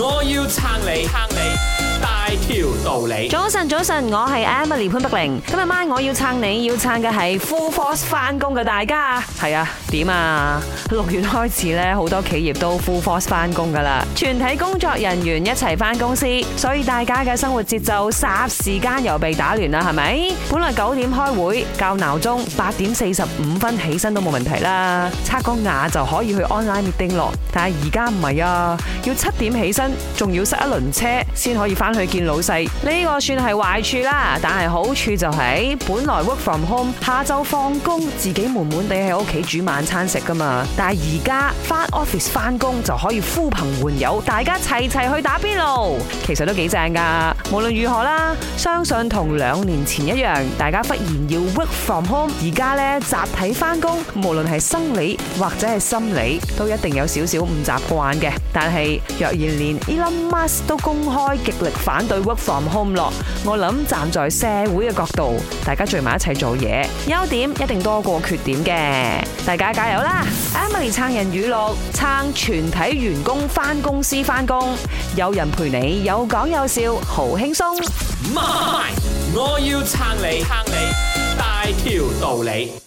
我要撐你撐你大條道理。早晨早晨，我係 Emily 潘碧玲。今日晚我要撐你要撐嘅係 full force 翻工嘅大家是啊。係啊，點啊？六月開始咧，好多企業都 full force 翻工噶啦。全體工作人員一齊翻公司，所以大家嘅生活節奏霎時間又被打亂啦，係咪？本來九點開會，較鬧鐘八點四十五分起身都冇問題啦，刷個牙就可以去 online meeting 咯。但係而家唔係啊，要七點起身。仲要塞一輪車先可以翻去見老細，呢個算係壞處啦。但係好處就係本來 work from home，下晝放工自己悶悶地喺屋企煮晚餐食噶嘛。但係而家翻 office 翻工就可以呼朋喚友，大家齊齊去打邊爐，其實都幾正噶。無論如何啦，相信同兩年前一樣，大家忽然要 work from home，而家呢，集體翻工，無論係生理或者係心理，都一定有少少唔習慣嘅。但係若然連 Elon Musk 都公開極力反對 work from home 咯，我諗站在社會嘅角度，大家聚埋一齊做嘢，優點一定多過缺點嘅，大家加油啦！Emily 撐人語錄，撐全體員工返公司返工，有人陪你，有講有笑，好輕鬆。媽，我要撐你撐你，大條道理。